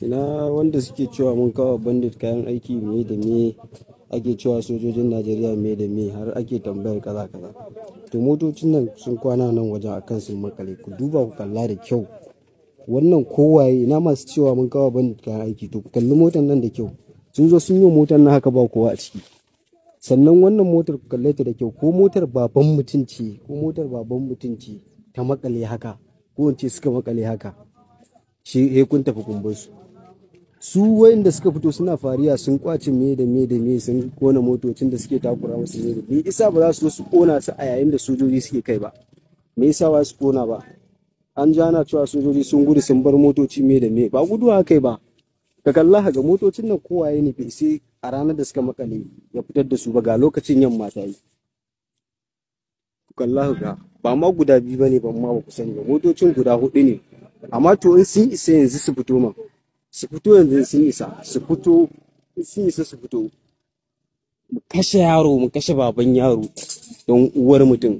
ina wanda suke cewa mun kawo bandit kayan aiki me da me ake cewa sojojin najeriya me da me har ake tambayar kaza kaza to motocin nan sun kwana nan wajen a kan sun makale ku duba ku kalla da kyau wannan kowaye ina masu cewa mun kawo bandit kayan aiki to ku kalli motar nan da kyau sun zo sun yi motar nan haka ba kowa a ciki sannan wannan motar ku kalle ta da kyau ko motar baban mutum ce ko motar baban mutum ce ta makale haka ko in ce suka makale haka shi kun tafi kumbar su su wayanda suka fito suna fariya sun kwace me da me da me sun kona motocin da suke takura musu ne da me isa ba za su su kona su a yayin da sojoji suke kai ba me yasa ba su kona ba an ji ana cewa sojoji sun gudu sun bar motoci me da me ba guduwa kai ba ka kalla ga motocin nan kowa ne nufi sai a ranar da suka makale ya fitar da su ba ga lokacin yamma ta yi ku kalla ga ba ma guda biyu bane ba ma ba ku sani ba motocin guda hudu ne amma to in sun isa yanzu su fito man su fito yanzu sun isa su fito sun isa su fito mu kashe yaro mu kashe baban yaro don uwar mutum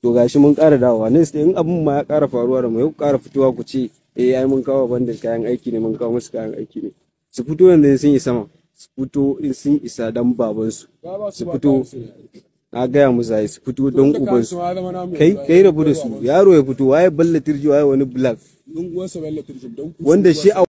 to gashi mun ƙara dawowa ne sai in abin ma ya ƙara faruwa da mu yau ƙara fitowa ku ce eh ai mun kawo bandin kayan aiki ne mun kawo musu kayan aiki ne su fito yanzu sun isa ma su fito in sun isa dan babansu su fito na gaya musu ai su fito don ubansu kai kai rabu da su yaro ya fito waye ballatirji waye wani black wanda shi a